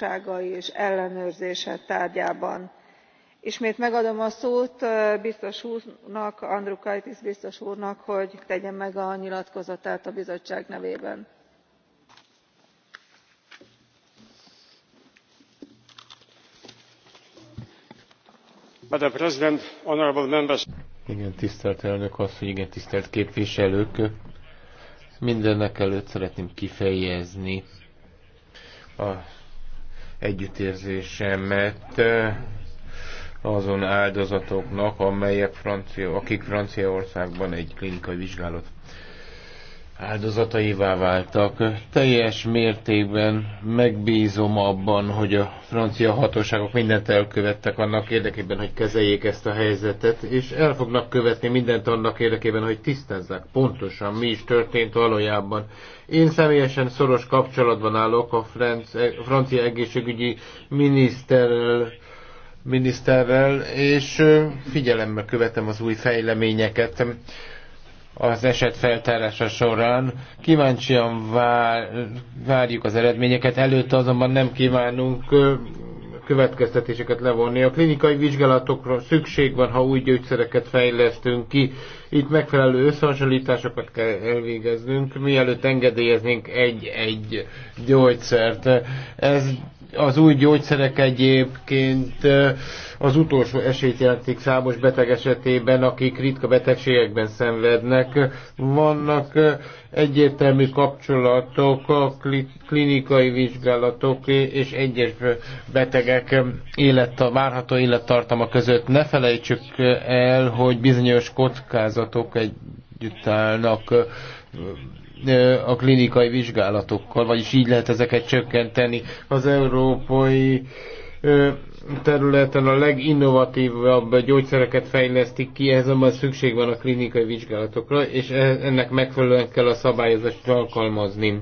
bizottságai és ellenőrzése tárgyában. ismét megadom a szót biztos úrnak andriukaitis biztos úrnak hogy tegye meg a nyilatkozatát a bizottság nevében. igen, tisztelt elnök asszony, igen, tisztelt képviselők. Mindennek előtt szeretném kifejezni a együttérzésemet eh, azon áldozatoknak, amelyek francia, akik Franciaországban egy klinikai vizsgálat áldozataivá váltak. Teljes mértékben megbízom abban, hogy a francia hatóságok mindent elkövettek annak érdekében, hogy kezeljék ezt a helyzetet, és el fognak követni mindent annak érdekében, hogy tisztázzák pontosan, mi is történt valójában. Én személyesen szoros kapcsolatban állok a e- francia egészségügyi miniszterrel, miniszterrel és figyelemmel követem az új fejleményeket az eset feltárása során. Kíváncsian vár, várjuk az eredményeket, előtte azonban nem kívánunk következtetéseket levonni. A klinikai vizsgálatokra szükség van, ha új gyógyszereket fejlesztünk ki. Itt megfelelő összehasonlításokat kell elvégeznünk, mielőtt engedélyeznénk egy-egy gyógyszert. Ez az új gyógyszerek egyébként az utolsó esélyt jelentik számos beteg esetében, akik ritka betegségekben szenvednek. Vannak egyértelmű kapcsolatok a klinikai vizsgálatok és egyes betegek élet a várható élettartama között. Ne felejtsük el, hogy bizonyos kockázatok együtt állnak a klinikai vizsgálatokkal, vagyis így lehet ezeket csökkenteni. Az európai területen a leginnovatívabb gyógyszereket fejlesztik ki, ehhez azonban szükség van a klinikai vizsgálatokra, és e- ennek megfelelően kell a szabályozást alkalmazni.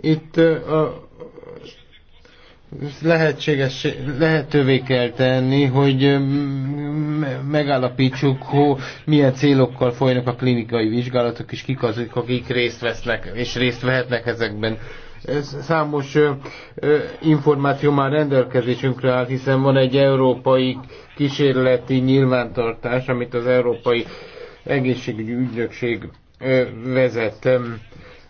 Itt a lehetséges, lehetővé kell tenni, hogy mm, megállapítsuk, hogy milyen célokkal folynak a klinikai vizsgálatok, és kik azok, akik részt vesznek, és részt vehetnek ezekben. Számos információ már rendelkezésünkre áll, hiszen van egy európai kísérleti nyilvántartás, amit az Európai Egészségügyi Ügynökség vezet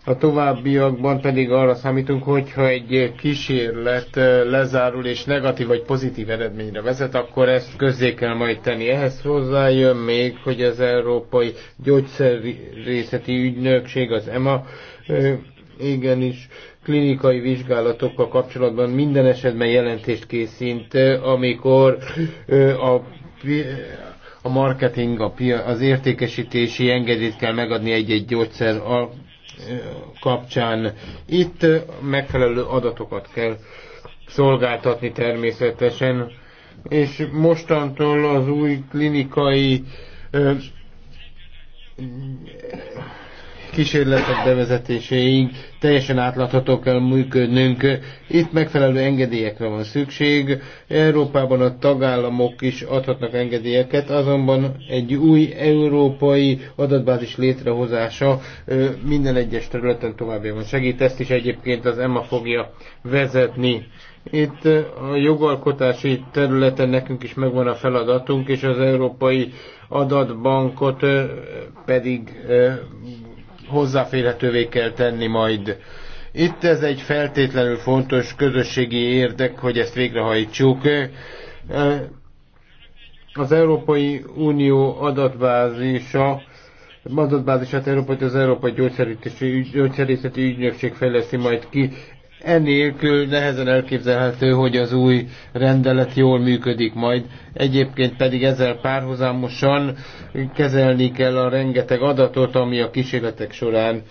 a továbbiakban pedig arra számítunk, hogyha egy kísérlet eh, lezárul és negatív vagy pozitív eredményre vezet, akkor ezt közzé kell majd tenni. Ehhez hozzájön még, hogy az Európai Gyógyszerrészeti Ügynökség, az EMA, eh, igenis klinikai vizsgálatokkal kapcsolatban minden esetben jelentést készít, eh, amikor a a marketing, a az értékesítési engedélyt kell megadni egy-egy gyógyszer kapcsán. Itt megfelelő adatokat kell szolgáltatni természetesen, és mostantól az új klinikai kísérletek bevezetéséig teljesen átlátható kell működnünk. Itt megfelelő engedélyekre van szükség. Európában a tagállamok is adhatnak engedélyeket, azonban egy új európai adatbázis létrehozása minden egyes területen továbbjában segít. Ezt is egyébként az EMA fogja vezetni. Itt a jogalkotási területen nekünk is megvan a feladatunk, és az Európai Adatbankot pedig hozzáférhetővé kell tenni majd. Itt ez egy feltétlenül fontos közösségi érdek, hogy ezt végrehajtsuk. Az Európai Unió adatbázisa adatbázisát Európai, az Európai Gyógyszerészeti Ügynökség fejleszi majd ki. Enélkül nehezen elképzelhető, hogy az új rendelet jól működik majd. Egyébként pedig ezzel párhuzamosan kezelni kell a rengeteg adatot, ami a kísérletek során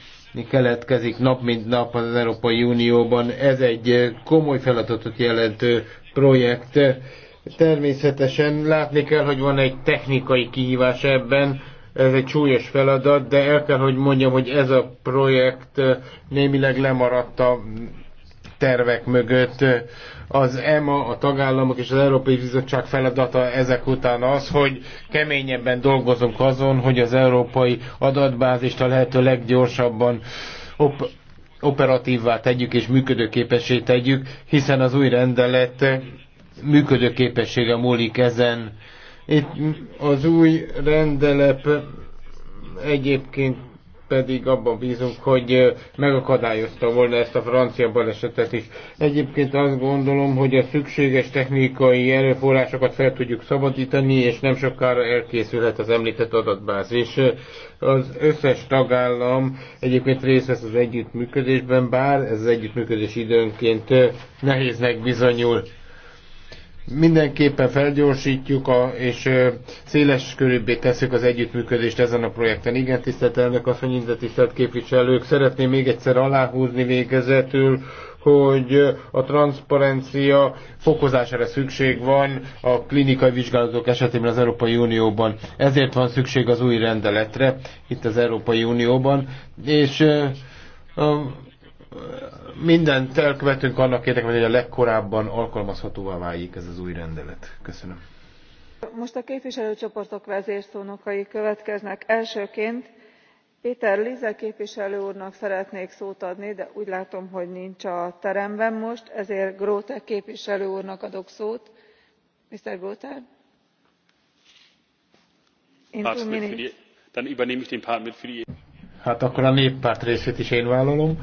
keletkezik nap mint nap az Európai Unióban. Ez egy komoly feladatot jelentő projekt. Természetesen látni kell, hogy van egy technikai kihívás ebben, ez egy súlyos feladat, de el kell, hogy mondjam, hogy ez a projekt némileg lemaradt a tervek mögött. Az EMA, a tagállamok és az Európai Bizottság feladata ezek után az, hogy keményebben dolgozunk azon, hogy az európai adatbázist a lehető leggyorsabban op- operatívvá tegyük és működőképessé tegyük, hiszen az új rendelet működőképessége múlik ezen. Itt az új rendelep egyébként pedig abban bízunk, hogy megakadályozta volna ezt a francia balesetet is. Egyébként azt gondolom, hogy a szükséges technikai erőforrásokat fel tudjuk szabadítani, és nem sokára elkészülhet az említett adatbázis. Az összes tagállam egyébként részt vesz az együttműködésben, bár ez az együttműködés időnként nehéznek bizonyul. Mindenképpen felgyorsítjuk a, és széles körülbé tesszük az együttműködést ezen a projekten. Igen, tisztelt elnök a tisztelt képviselők, szeretném még egyszer aláhúzni végezetül, hogy a transzparencia fokozására szükség van a klinikai vizsgálatok esetében az Európai Unióban. Ezért van szükség az új rendeletre itt az Európai Unióban, és minden elkövetünk annak érdekében, hogy a legkorábban alkalmazhatóvá váljék ez az új rendelet. Köszönöm. Most a képviselőcsoportok vezérszónokai következnek. Elsőként Péter Lize képviselő úrnak szeretnék szót adni, de úgy látom, hogy nincs a teremben most, ezért Gróte képviselő úrnak adok szót. Mr. Gróte? Hát akkor a néppárt részét is én vállalom.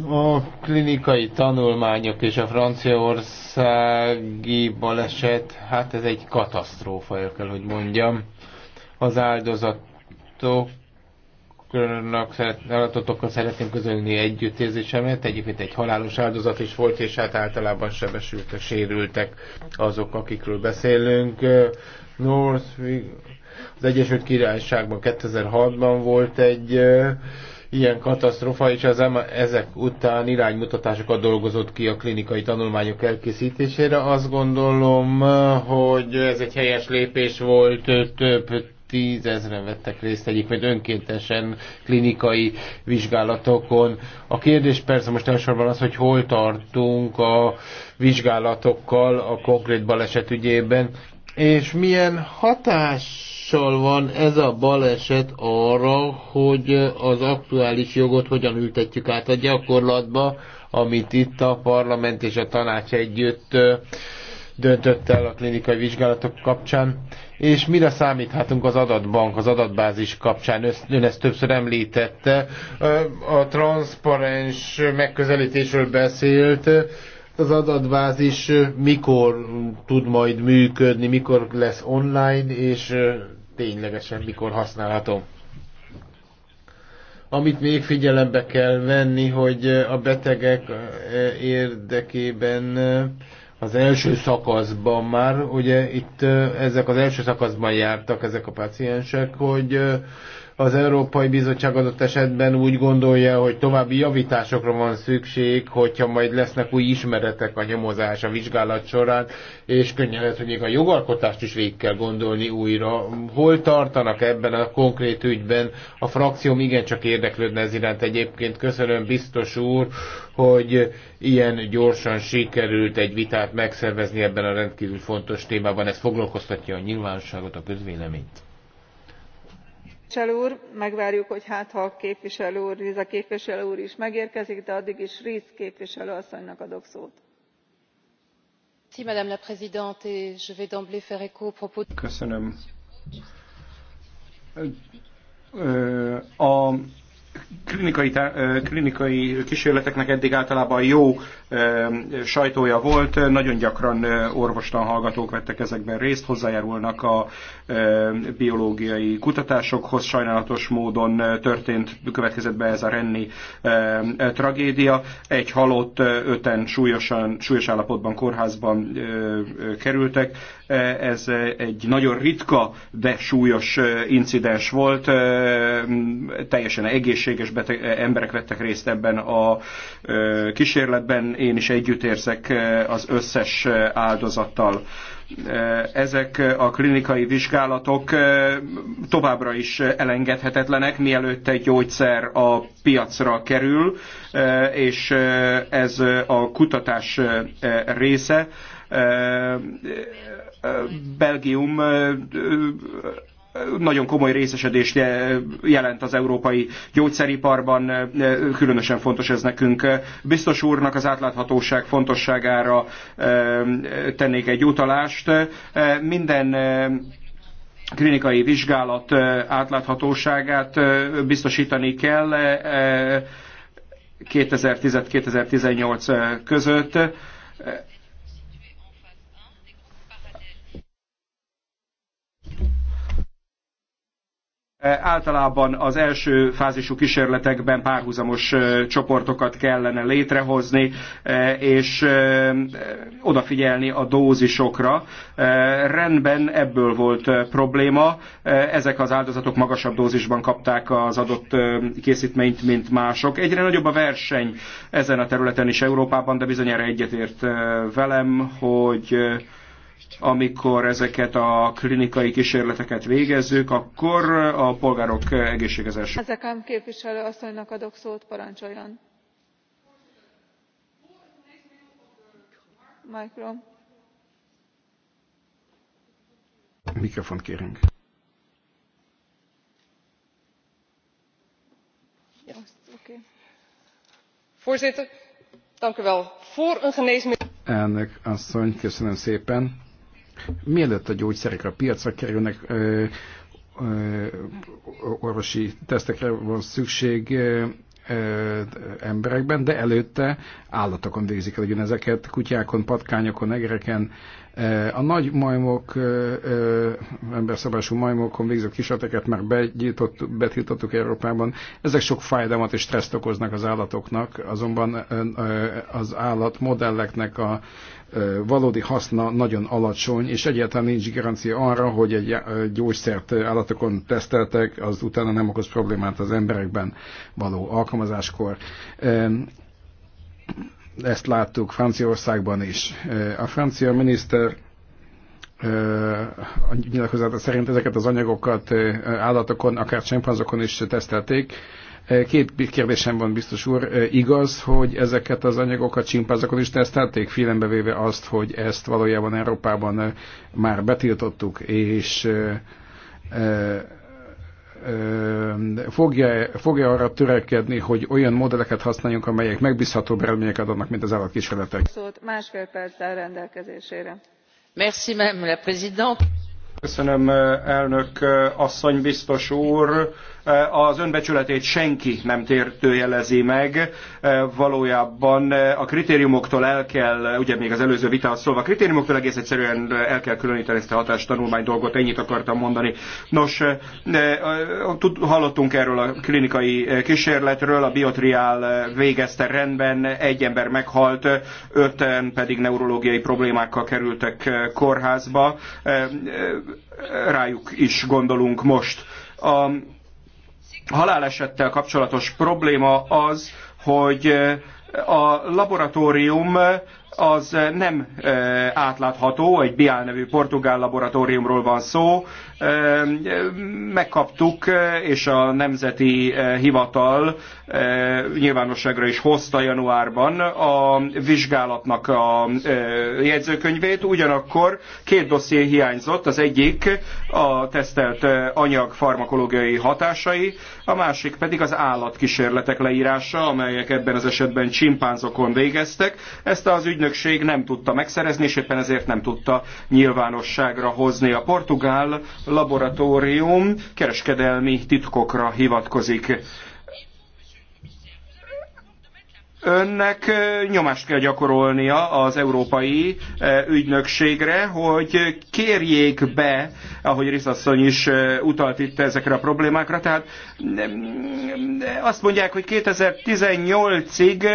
A klinikai tanulmányok és a franciaországi baleset, hát ez egy katasztrófa, el kell, hogy mondjam. Az áldozatoknak áldozatokkal szeretném közölni együttérzésemet. Egyébként egy halálos áldozat is volt, és hát általában sebesültek, sérültek azok, akikről beszélünk. North, az Egyesült Királyságban 2006-ban volt egy ilyen katasztrofa, és az EMA ezek után iránymutatásokat dolgozott ki a klinikai tanulmányok elkészítésére. Azt gondolom, hogy ez egy helyes lépés volt, több tízezren vettek részt egyik, vagy önkéntesen klinikai vizsgálatokon. A kérdés persze most elsősorban az, hogy hol tartunk a vizsgálatokkal a konkrét baleset ügyében, és milyen hatás hatással van ez a baleset arra, hogy az aktuális jogot hogyan ültetjük át a gyakorlatba, amit itt a parlament és a tanács együtt döntött el a klinikai vizsgálatok kapcsán. És mire számíthatunk az adatbank, az adatbázis kapcsán? Ön ezt többször említette. A transzparens megközelítésről beszélt az adatbázis mikor tud majd működni, mikor lesz online, és ténylegesen mikor használhatom. Amit még figyelembe kell venni, hogy a betegek eh, érdekében eh, az első szakaszban már, ugye itt eh, ezek az első szakaszban jártak ezek a paciensek, hogy az Európai Bizottság adott esetben úgy gondolja, hogy további javításokra van szükség, hogyha majd lesznek új ismeretek a nyomozás, a vizsgálat során, és könnyen lehet, hogy még a jogalkotást is végig kell gondolni újra. Hol tartanak ebben a konkrét ügyben? A frakcióm igencsak érdeklődne ez iránt egyébként. Köszönöm biztos úr, hogy ilyen gyorsan sikerült egy vitát megszervezni ebben a rendkívül fontos témában. Ez foglalkoztatja a nyilvánosságot, a közvéleményt képviselő úr megvárjuk hogy hátha liese képviselő úr is megérkezik de addig is ries képviselő asszonynak adok szót. madame klinikai, klinikai kísérleteknek eddig általában jó sajtója volt, nagyon gyakran orvostan hallgatók vettek ezekben részt, hozzájárulnak a biológiai kutatásokhoz, sajnálatos módon történt, következett be ez a renni tragédia. Egy halott, öten súlyosan, súlyos állapotban kórházban kerültek. Ez egy nagyon ritka, de súlyos incidens volt, teljesen egész egészséges beteg, emberek vettek részt ebben a kísérletben. Én is érzek az összes áldozattal ezek a klinikai vizsgálatok továbbra is elengedhetetlenek, mielőtt egy gyógyszer a piacra kerül, és ez a kutatás része. Belgium nagyon komoly részesedést jelent az európai gyógyszeriparban, különösen fontos ez nekünk. Biztos úrnak az átláthatóság fontosságára tennék egy utalást. Minden klinikai vizsgálat átláthatóságát biztosítani kell 2010-2018 között E, általában az első fázisú kísérletekben párhuzamos e, csoportokat kellene létrehozni, e, és odafigyelni a dózisokra. Rendben ebből volt probléma. Ezek az áldozatok magasabb dózisban kapták az adott készítményt, mint mások. Egyre nagyobb a verseny ezen a területen is Európában, de bizonyára egyetért velem, hogy amikor ezeket a klinikai kísérleteket végezzük, akkor a polgárok egészségezés. Ezekám képviselő asszonynak adok szót, parancsoljon. Mikro. Mikrofon kérünk. Voorzitter, dank u wel. Voor een geneesmiddel. Elnök asszony, köszönöm szépen Mielőtt a gyógyszerek a piacra kerülnek, ö, ö, orvosi tesztekre van szükség ö, ö, emberekben, de előtte állatokon végzik el ugyanezeket, kutyákon, patkányokon, egereken, a nagy majmok, emberszabású majmokon végzett kísérleteket már betiltottuk Európában. Ezek sok fájdalmat és stresszt okoznak az állatoknak, azonban az állat modelleknek a valódi haszna nagyon alacsony, és egyáltalán nincs garancia arra, hogy egy gyógyszert állatokon teszteltek, az utána nem okoz problémát az emberekben való alkalmazáskor ezt láttuk Franciaországban is. A francia miniszter a nyilatkozata szerint ezeket az anyagokat állatokon, akár csempanzokon is tesztelték. Két kérdésem van, biztos úr. Igaz, hogy ezeket az anyagokat csimpázakon is tesztelték, figyelembe véve azt, hogy ezt valójában Európában már betiltottuk, és fogja, fogja arra törekedni, hogy olyan modelleket használjunk, amelyek megbízhatóbb eredményeket adnak, mint az állatkísérletek. Szót másfél perccel rendelkezésére. Merci, Madame la Présidente. Köszönöm, elnök asszony, biztos úr Eh, az önbecsületét senki nem tértőjelezi meg. Eh, valójában eh, a kritériumoktól el kell, ugye még az előző vita szólva, a kritériumoktól egész egyszerűen el kell különíteni ezt a hatástanulmány dolgot, ennyit akartam mondani. Nos, hallottunk erről a klinikai kísérletről, a biotriál végezte rendben, egy ember meghalt, öten pedig neurológiai problémákkal kerültek kórházba. Rájuk is gondolunk most. A halálesettel kapcsolatos probléma az, hogy eh, a laboratórium az eh, nem eh, átlátható, egy Biál nevű portugál laboratóriumról van szó. Eh, megkaptuk, és a Nemzeti Hivatal nyilvánosságra is hozta januárban a vizsgálatnak a jegyzőkönyvét. Ugyanakkor két dosszié hiányzott, az egyik a tesztelt anyag farmakológiai hatásai, a másik pedig az állatkísérletek leírása, amelyek ebben az esetben csimpánzokon végeztek. Ezt az ügy ügynökség nem tudta megszerezni, és éppen ezért nem tudta nyilvánosságra hozni. A portugál laboratórium kereskedelmi titkokra hivatkozik önnek nyomást kell gyakorolnia az európai ügynökségre, hogy kérjék be, ahogy Riszasszony is utalt itt ezekre a problémákra, tehát azt mondják, hogy 2018-ig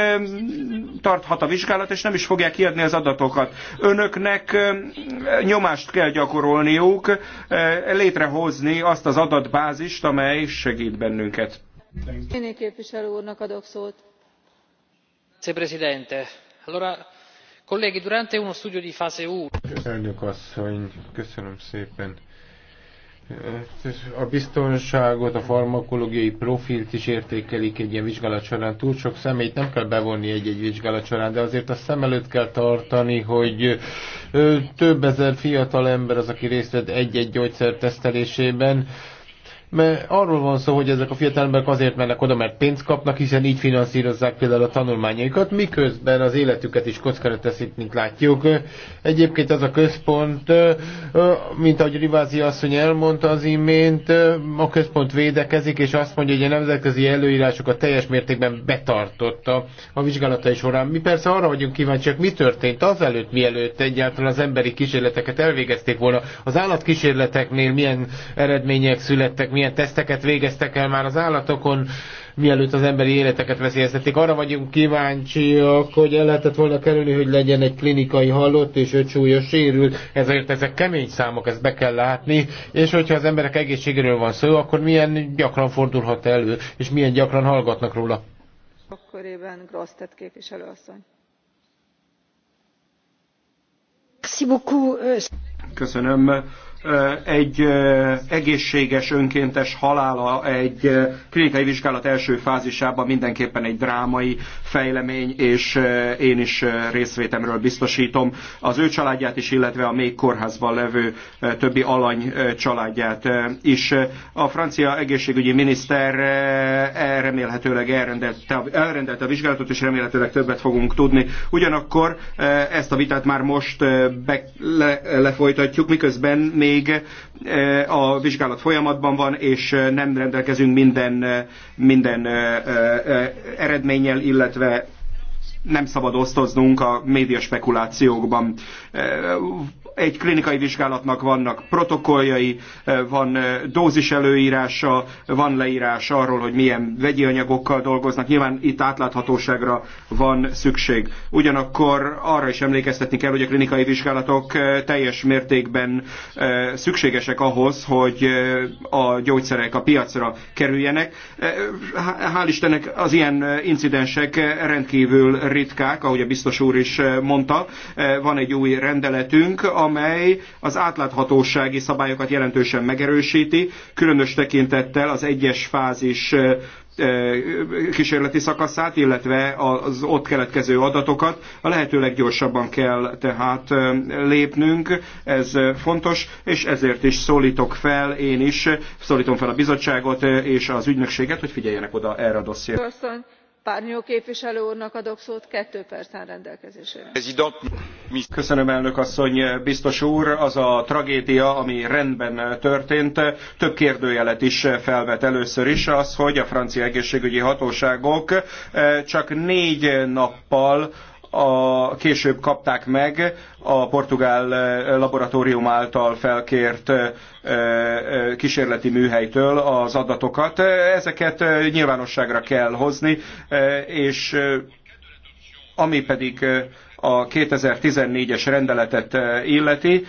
tarthat a vizsgálat, és nem is fogják kiadni az adatokat. Önöknek nyomást kell gyakorolniuk, létrehozni azt az adatbázist, amely segít bennünket. Én Képviselő úrnak adok szót signor presidente onorevoli colleghi durante uno studio di fase uno. elnök asszony köszönöm szépen. A biztonságot, a farmakológiai profilt is értékelik egy ilyen vizsgálat során. Túl sok személyt nem kell bevonni egy-egy vizsgálat során, de azért azt szem előtt kell tartani, hogy több ezer fiatal ember az, aki részt vett egy-egy gyógyszer tesztelésében mert arról van szó, hogy ezek a fiatal emberek azért mennek oda, mert pénzt kapnak, hiszen így finanszírozzák például a tanulmányaikat, miközben az életüket is kockára teszik, mint látjuk. Egyébként az a központ, mint ahogy Rivázi asszony elmondta az imént, a központ védekezik, és azt mondja, hogy a nemzetközi előírásokat teljes mértékben betartotta a vizsgálatai során. Mi persze arra vagyunk kíváncsiak, mi történt azelőtt, mielőtt egyáltalán az emberi kísérleteket elvégezték volna. Az állatkísérleteknél milyen eredmények születtek, milyen teszteket végeztek el már az állatokon, mielőtt az emberi életeket veszélyeztették. Arra vagyunk kíváncsiak, hogy el lehetett volna kerülni, hogy legyen egy klinikai halott és öt súlyos sérült. Ezért ezek kemény számok, ezt be kell látni. És hogyha az emberek egészségéről van szó, akkor milyen gyakran fordulhat elő, és milyen gyakran hallgatnak róla. Akkorében Grosztet képviselőasszony. Euh, Köszönöm egy egészséges önkéntes halála egy klinikai vizsgálat első fázisában mindenképpen egy drámai fejlemény, és eh, én is eh, részvétemről biztosítom az ő családját is, illetve a még kórházban levő eh, többi alany családját is. A francia egészségügyi miniszter remélhetőleg elrendelte, elrendelte a vizsgálatot, és remélhetőleg többet fogunk tudni. Ugyanakkor ezt a vitát már most be, le, lefolytatjuk, miközben még a vizsgálat folyamatban van, és nem rendelkezünk minden, minden eredménnyel, illetve nem szabad osztoznunk a média spekulációkban egy klinikai vizsgálatnak vannak protokolljai, eh, van eh, dózis előírása, van leírás arról, hogy milyen vegyi anyagokkal dolgoznak. Nyilván itt átláthatóságra van szükség. Ugyanakkor arra is emlékeztetni kell, hogy a klinikai vizsgálatok eh, teljes mértékben szükségesek ahhoz, hogy a gyógyszerek a piacra kerüljenek. Hál' Istennek az ilyen incidensek rendkívül ritkák, ahogy a biztos úr is mondta. Van egy új rendeletünk, amely az átláthatósági szabályokat jelentősen megerősíti, különös tekintettel az egyes fázis kísérleti szakaszát, illetve az ott keletkező adatokat. A lehető leggyorsabban kell tehát lépnünk, ez fontos, és ezért is szólítok fel, én is szólítom fel a bizottságot és az ügynökséget, hogy figyeljenek oda erre a dossziéra. Köszönöm, elnök asszony, biztos úr, az a tragédia, ami rendben történt, több kérdőjelet is felvet először is, az, hogy a francia egészségügyi hatóságok eh, csak négy nappal a, később kapták meg a portugál eh, laboratórium által felkért eh, eh, kísérleti műhelytől az adatokat. Ezeket nyilvánosságra kell hozni, és ami pedig a 2014-es rendeletet illeti,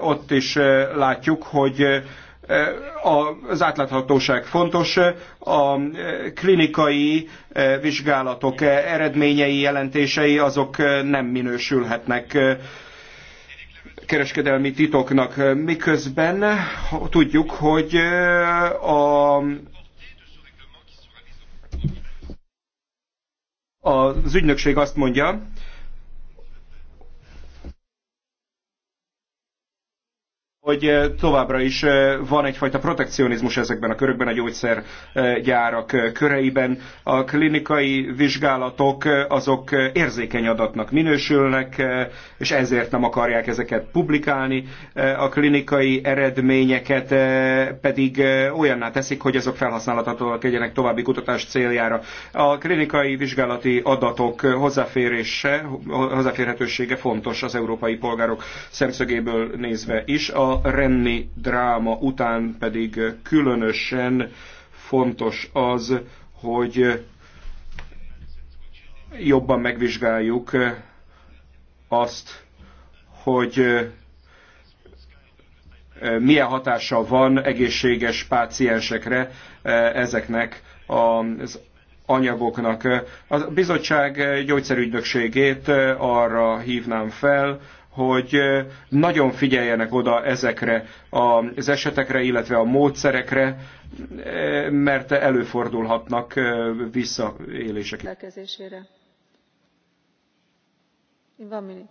ott is látjuk, hogy Eh, az átláthatóság fontos, eh, a eh, klinikai vizsgálatok eredményei, jelentései azok nem minősülhetnek kereskedelmi titoknak, miközben tudjuk, hogy a az ügynökség azt mondja, hogy továbbra is van egyfajta protekcionizmus ezekben a körökben, a gyógyszergyárak köreiben. A klinikai vizsgálatok azok érzékeny adatnak minősülnek, és ezért nem akarják ezeket publikálni. A klinikai eredményeket pedig olyanná teszik, hogy azok felhasználhatóak legyenek további kutatás céljára. A klinikai vizsgálati adatok hozzáférése, hozzáférhetősége fontos az európai polgárok szemszögéből nézve is. A a Renni dráma után pedig különösen fontos az, hogy jobban megvizsgáljuk azt, hogy e, milyen hatása van egészséges páciensekre e, ezeknek az anyagoknak. A bizottság gyógyszerügynökségét e, arra hívnám fel, hogy nagyon figyeljenek oda ezekre az esetekre, illetve a módszerekre, mert előfordulhatnak visszaélések. Van minit.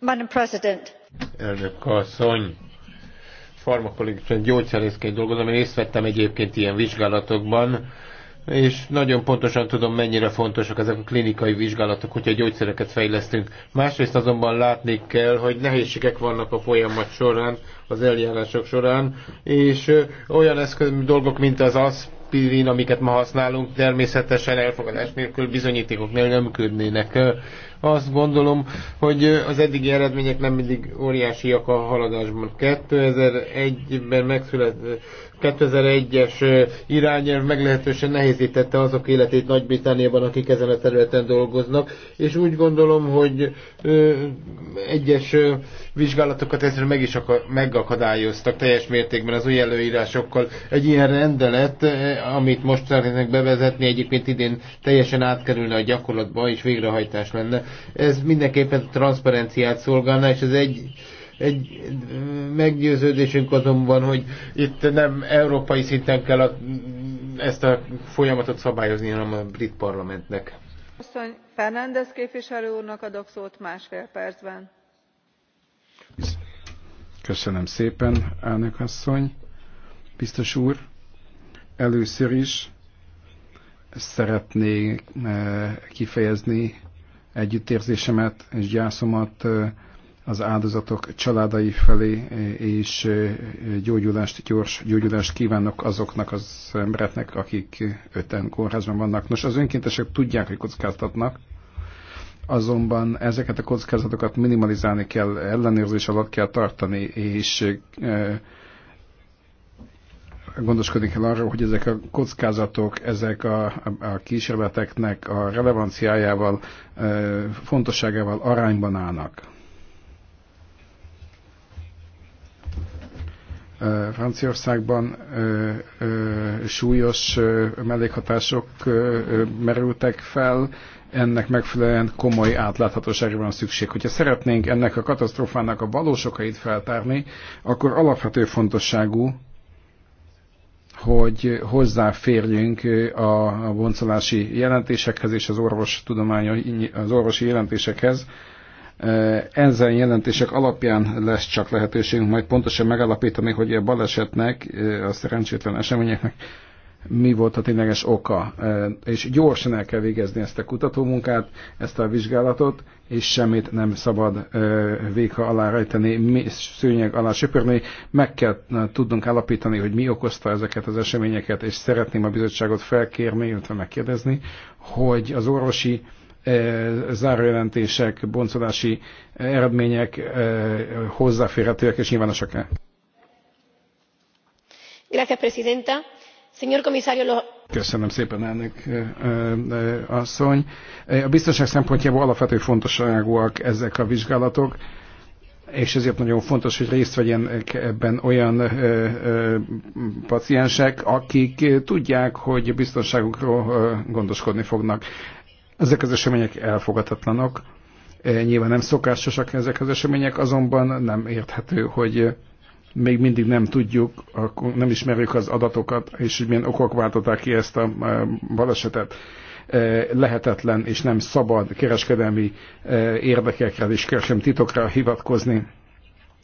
Madam President. Elnök asszony, farmakológusban gyógyszerészként dolgozom, én részt vettem egyébként ilyen vizsgálatokban, és nagyon pontosan tudom, mennyire fontosak ezek a klinikai vizsgálatok, hogyha gyógyszereket fejlesztünk. Másrészt azonban látni kell, hogy nehézségek vannak a folyamat során, az eljárások során, és olyan eszköz, dolgok, mint az az aspirin, amiket ma használunk, természetesen elfogadás nélkül bizonyítékok nélkül nem működnének. Azt gondolom, hogy az eddigi eredmények nem mindig óriásiak a haladásban. 2001-ben megszület, 2001-es irányelv meglehetősen nehézítette azok életét Nagy-Britániában, akik ezen a területen dolgoznak, és úgy gondolom, hogy egyes vizsgálatokat ezzel meg is akar, megakadályoztak teljes mértékben az új előírásokkal. Egy ilyen rendelet amit most szeretnének bevezetni, egyébként idén teljesen átkerülne a gyakorlatba, és végrehajtás lenne. Ez mindenképpen transzparenciát szolgálna, és ez egy, egy meggyőződésünk azonban, hogy itt nem európai szinten kell a, ezt a folyamatot szabályozni, hanem a brit parlamentnek. Köszönj. Fernández képviselő úrnak adok szót másfél percben. Köszönöm szépen, elnök asszony, biztos úr. Először is szeretnék eh, kifejezni együttérzésemet és gyászomat eh, az áldozatok családai felé, eh, és gyógyulást, gyors gyógyulást kívánok azoknak az embereknek, akik öten kórházban vannak. Nos, az önkéntesek tudják, hogy kockáztatnak, azonban ezeket a kockázatokat minimalizálni kell, ellenőrzés alatt kell tartani, és gondoskodik el arról, hogy ezek a kockázatok, ezek a, a kísérleteknek a relevanciájával, e, fontosságával arányban állnak. E, Franciaországban e, súlyos mellékhatások merültek fel, ennek megfelelően komoly átláthatóságra van szükség. Hogyha szeretnénk ennek a katasztrófának a valós okait feltárni, akkor alapvető fontosságú, hogy hozzáférjünk a boncolási jelentésekhez és az, orvos tudománya, az orvosi jelentésekhez. Ezen jelentések alapján lesz csak lehetőségünk majd pontosan megalapítani, hogy a balesetnek, a szerencsétlen eseményeknek mi volt a tényleges oka. És gyorsan el kell végezni ezt a kutatómunkát, ezt a vizsgálatot, és semmit nem szabad véka alá rejteni, szőnyeg alá söpörni. Meg kell tudnunk állapítani, hogy mi okozta ezeket az eseményeket, és szeretném a bizottságot felkérni, illetve megkérdezni, hogy az orvosi zárójelentések, boncolási eredmények hozzáférhetőek és nyilvánosak-e? Gracias, Presidenta Köszönöm szépen, elnök asszony. A biztonság szempontjából alapvető fontosságúak ezek a vizsgálatok és ezért nagyon fontos, hogy részt vegyenek ebben olyan ö, ö, paciensek, akik tudják, hogy biztonságukról ö, gondoskodni fognak. Ezek az események elfogadhatatlanok. Nyilván nem szokásosak ezek az események, azonban nem érthető, hogy még mindig nem tudjuk, nem ismerjük az adatokat, és hogy milyen okok váltották ki ezt a balesetet. E, lehetetlen és nem szabad kereskedelmi e, érdekekre és kereskedelmi titokra hivatkozni.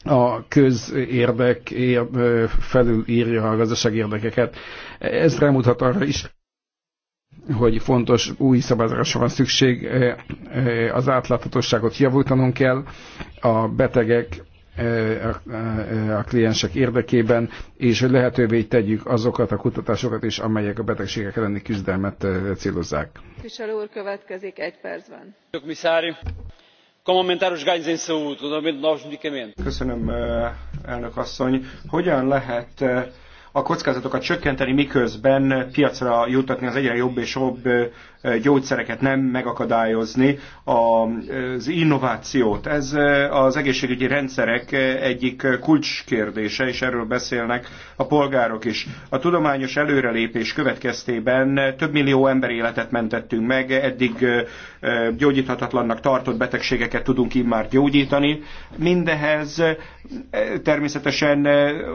A közérdek e, felül írja a gazdaság érdekeket. Ez rámutat arra is, hogy fontos új szabályozásra van szükség, az átláthatóságot javítanunk kell, a betegek a kliensek érdekében, és hogy lehetővé tegyük azokat a kutatásokat is, amelyek a betegségek elleni küzdelmet célozzák. Köszönöm, úr következik egy percben. Um Köszönöm, elnök asszony. Hogyan lehet a kockázatokat csökkenteni, miközben piacra jutatni az egyre jobb és jobb gyógyszereket, nem megakadályozni az innovációt. Ez az egészségügyi rendszerek egyik kulcskérdése, és erről beszélnek a polgárok is. A tudományos előrelépés következtében több millió ember életet mentettünk meg, eddig gyógyíthatatlannak tartott betegségeket tudunk immár gyógyítani. Mindehez természetesen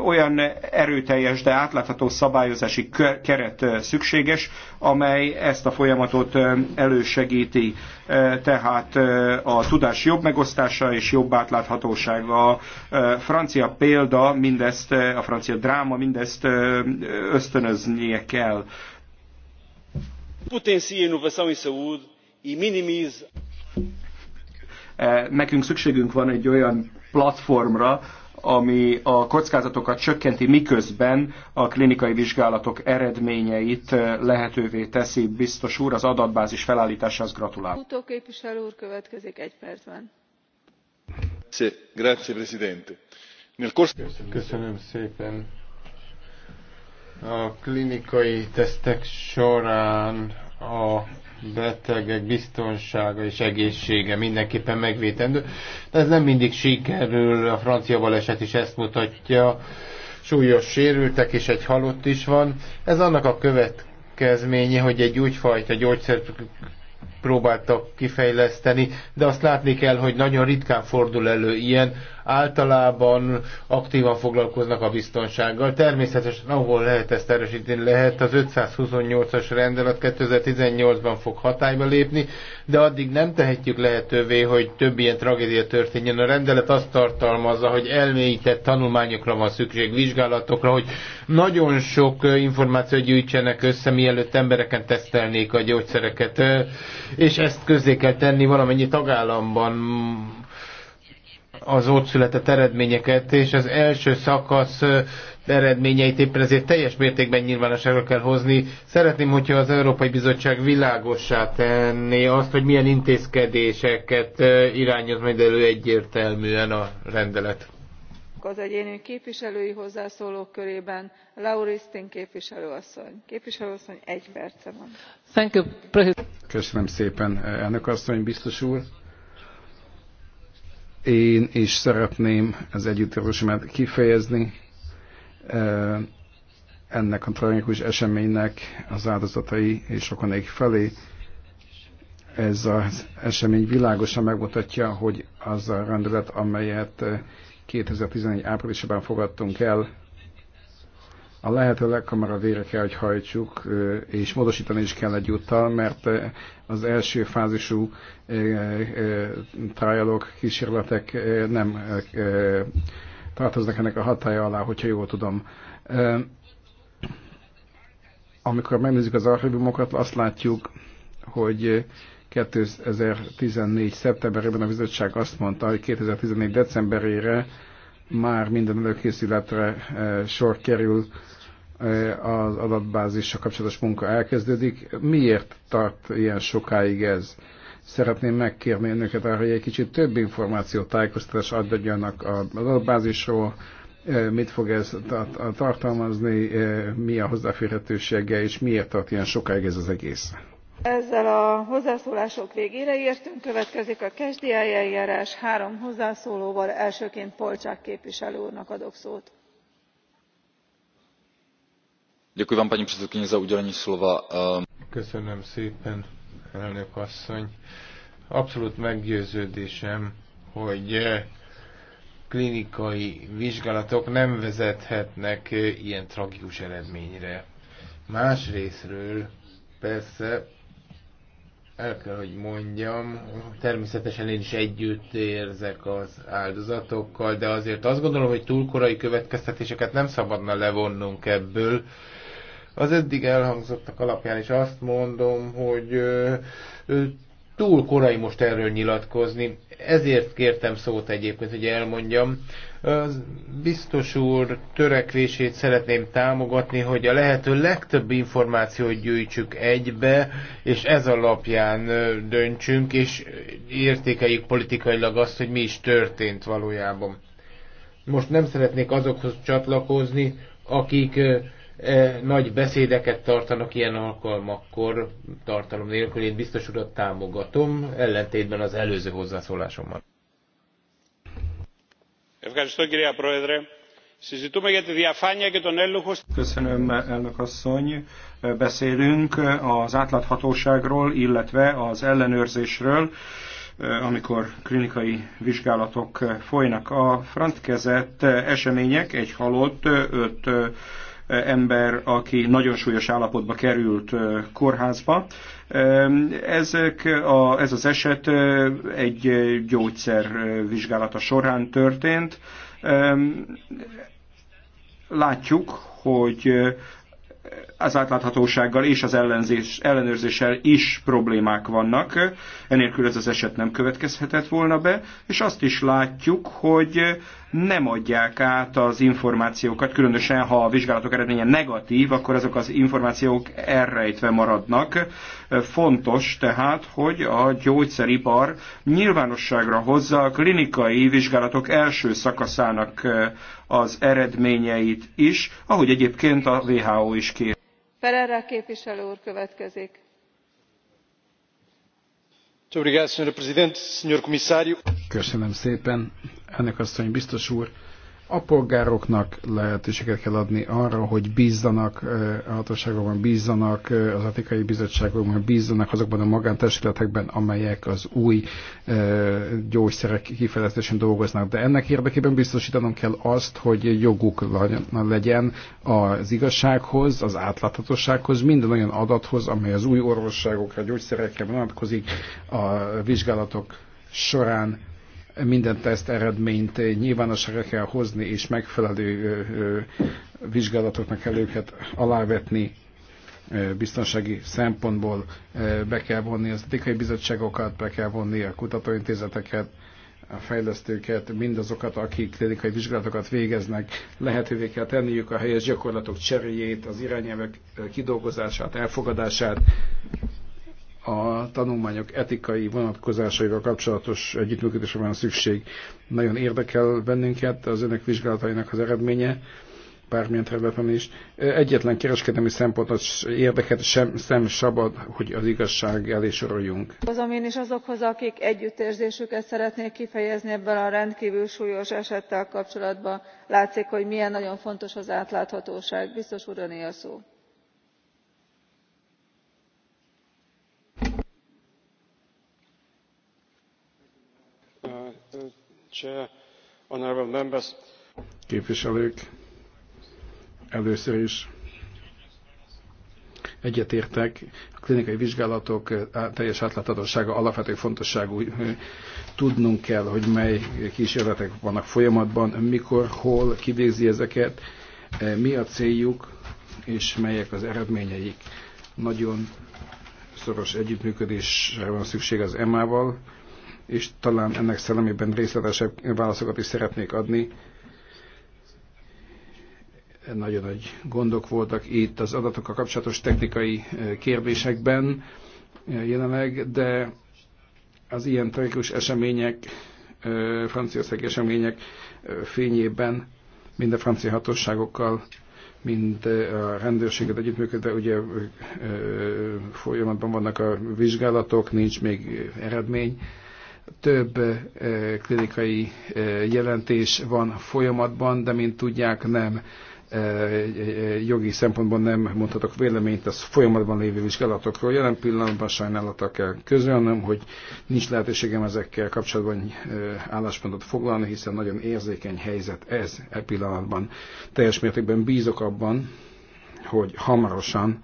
olyan erőteljes, de átlátható szabályozási keret szükséges, amely ezt a folyamatot kapcsolatot elősegíti. Tehát a tudás jobb megosztása és jobb átláthatósága. A francia példa mindezt, a francia dráma mindezt ösztönöznie kell. Potencia Nekünk szükségünk van egy olyan platformra, ami a kockázatokat csökkenti, miközben a klinikai vizsgálatok eredményeit eh, lehetővé teszi. Biztos úr, az adatbázis az gratulál. Utóképviselő úr következik egy percben. Grazie, Presidente. Köszönöm szépen. A klinikai tesztek során a betegek biztonsága és egészsége mindenképpen megvétendő. De ez nem mindig sikerül, a francia baleset is ezt mutatja, súlyos sérültek és egy halott is van. Ez annak a következménye, hogy egy úgyfajta gyógyszer próbáltak kifejleszteni, de azt látni kell, hogy nagyon ritkán fordul elő ilyen. Általában aktívan foglalkoznak a biztonsággal. Természetesen, ahol lehet ezt erősíteni, lehet az 528-as rendelet 2018-ban fog hatályba lépni, de addig nem tehetjük lehetővé, hogy több ilyen tragédia történjen. A rendelet azt tartalmazza, hogy elmélyített tanulmányokra van szükség, vizsgálatokra, hogy nagyon sok információt gyűjtsenek össze, mielőtt embereken tesztelnék a gyógyszereket és ezt közzé kell tenni valamennyi tagállamban az ott született eredményeket, és az első szakasz eredményeit éppen ezért teljes mértékben nyilvánosságra kell hozni. Szeretném, hogyha az Európai Bizottság világossá tenné azt, hogy milyen intézkedéseket irányoz majd elő egyértelműen a rendelet. Az egyéni képviselői hozzászólók körében Lauristin képviselőasszony. Képviselőasszony, egy perce van. Thank you, President. Köszönöm szépen, elnök asszony, biztos úr. Én is szeretném az együttérzésemet kifejezni e, ennek a tragikus eseménynek az áldozatai és rokonaik felé. Ez az esemény világosan megmutatja, hogy az a rendelet, amelyet 2011 e, áprilisában fogadtunk el, a lehető legkamarabb végre kell, hogy hajtsuk, és módosítani is kell egyúttal, mert az első fázisú trialok kísérletek nem tartoznak ennek a hatája alá, hogyha jól tudom. Amikor megnézzük az archívumokat, azt látjuk, hogy 2014. szeptemberében a bizottság azt mondta, hogy 2014. decemberére már minden előkészületre sor kerül Eh, az adatbázissal kapcsolatos munka elkezdődik. Miért tart ilyen sokáig ez? Szeretném megkérni önöket arra, hogy egy kicsit több információt, tájékoztatást adjanak az adatbázisról, eh, mit fog ez tartalmazni, eh, mi a hozzáférhetősége, és miért tart ilyen sokáig ez az egész. Ezzel a hozzászólások végére értünk, következik a kezdi eljárás három hozzászólóval, elsőként Polcsák képviselő úrnak adok szót paní předsedající ehm, köszönöm szépen elnök asszony abszolút meggyőződésem hogy eh, klinikai vizsgálatok nem vezethetnek eh, ilyen tragikus eredményre. Másrésztről persze el kell, hogy mondjam, természetesen én is együtt érzek az áldozatokkal, de azért azt gondolom, hogy túl korai következtetéseket nem szabadna levonnunk ebből, az eddig elhangzottak alapján is azt mondom, hogy túl korai most erről nyilatkozni. Ezért kértem szót egyébként, hogy elmondjam. Az biztos úr törekvését szeretném támogatni, hogy a lehető legtöbb információt gyűjtsük egybe, és ez alapján döntsünk, és értékeljük politikailag azt, hogy mi is történt valójában. Most nem szeretnék azokhoz csatlakozni, akik E, nagy beszédeket tartanak ilyen alkalmakkor, tartalom nélkül én biztos urat támogatom, ellentétben az előző hozzászólásommal. Köszönöm, elnök asszony. Beszélünk az átláthatóságról, illetve az ellenőrzésről amikor klinikai vizsgálatok folynak. A frontkezett események, egy halott, öt ember, aki nagyon súlyos állapotba került kórházba. Ezek a, ez az eset egy gyógyszer vizsgálata során történt. Látjuk, hogy az átláthatósággal és az ellenzés, ellenőrzéssel is problémák vannak, enélkül ez az eset nem következhetett volna be, és azt is látjuk, hogy nem adják át az információkat, különösen ha a vizsgálatok eredménye negatív, akkor azok az információk elrejtve maradnak. Fontos tehát, hogy a gyógyszeripar nyilvánosságra hozza a klinikai vizsgálatok első szakaszának az eredményeit is, ahogy egyébként a WHO is kér. Ferrer képviselő úr következik Köszönöm szépen, ennek asszony biztos úr. A polgároknak lehetőséget kell adni arra, hogy bízzanak a hatóságokban, bízzanak az etikai bizottságokban, bízzanak azokban a magántestületekben, amelyek az új gyógyszerek kifejlesztésén dolgoznak. De ennek érdekében biztosítanom kell azt, hogy joguk legyen az igazsághoz, az átláthatósághoz, minden olyan adathoz, amely az új orvosságokra, gyógyszerekre vonatkozik, a vizsgálatok során minden teszt eredményt nyilvánosságra kell hozni, és megfelelő vizsgálatoknak kell őket alávetni biztonsági szempontból be kell vonni az etikai bizottságokat, be kell vonni a kutatóintézeteket, a fejlesztőket, mindazokat, akik klinikai vizsgálatokat végeznek, lehetővé kell tenniük a helyes gyakorlatok cseréjét, az irányelvek kidolgozását, elfogadását, a tanulmányok etikai vonatkozásaival kapcsolatos együttműködésre van szükség. Nagyon érdekel bennünket az önök vizsgálatainak az eredménye, bármilyen területen is. Egyetlen kereskedelmi szempontot érdeket sem, sem szabad, hogy az igazság elé soroljunk. Hozom én is azokhoz, akik együttérzésüket szeretnék kifejezni ebben a rendkívül súlyos esettel kapcsolatban. Látszik, hogy milyen nagyon fontos az átláthatóság. Biztos úr, a szó Képviselők, először is egyetértek, a klinikai vizsgálatok teljes átláthatósága alapvető fontosságú. Tudnunk kell, hogy mely kísérletek vannak folyamatban, mikor, hol, kivégzi ezeket, e, mi a céljuk, és melyek az eredményeik. Nagyon szoros együttműködésre van szükség az EMA-val, és talán ennek szellemében részletesebb válaszokat is szeretnék adni. Nagyon nagy gondok voltak itt az adatokkal kapcsolatos technikai eh, kérdésekben eh, jelenleg, de az ilyen tragikus események, eh, franciaország események fényében mind a francia hatóságokkal, mind a rendőrséget együttműködve, ugye folyamatban vannak a vizsgálatok, nincs még eredmény, több eh, klinikai eh, jelentés van folyamatban, de mint tudják, nem eh, jogi szempontból nem mondhatok véleményt az folyamatban lévő vizsgálatokról. Jelen pillanatban sajnálata kell közölnöm, hogy nincs lehetőségem ezekkel kapcsolatban álláspontot foglalni, hiszen nagyon érzékeny helyzet ez e pillanatban. Teljes mértékben bízok abban, hogy hamarosan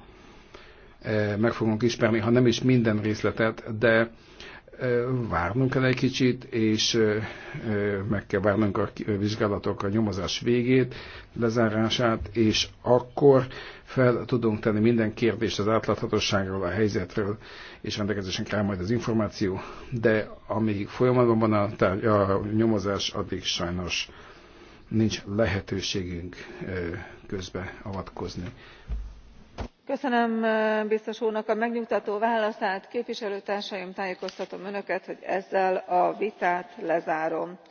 meg fogunk ismerni, ha nem is minden részletet, de várnunk kell egy kicsit, és meg kell várnunk a vizsgálatok, a nyomozás végét, lezárását, és akkor fel tudunk tenni minden kérdést az átláthatóságról, a helyzetről, és rendelkezésen kell majd az információ, de amíg folyamatban van a, tárgy, a nyomozás, addig sajnos nincs lehetőségünk közbe avatkozni köszönöm biztos úrnak a megnyugtató válaszát képviselőtársaim tájékoztatom önöket hogy ezzel a vitát lezárom.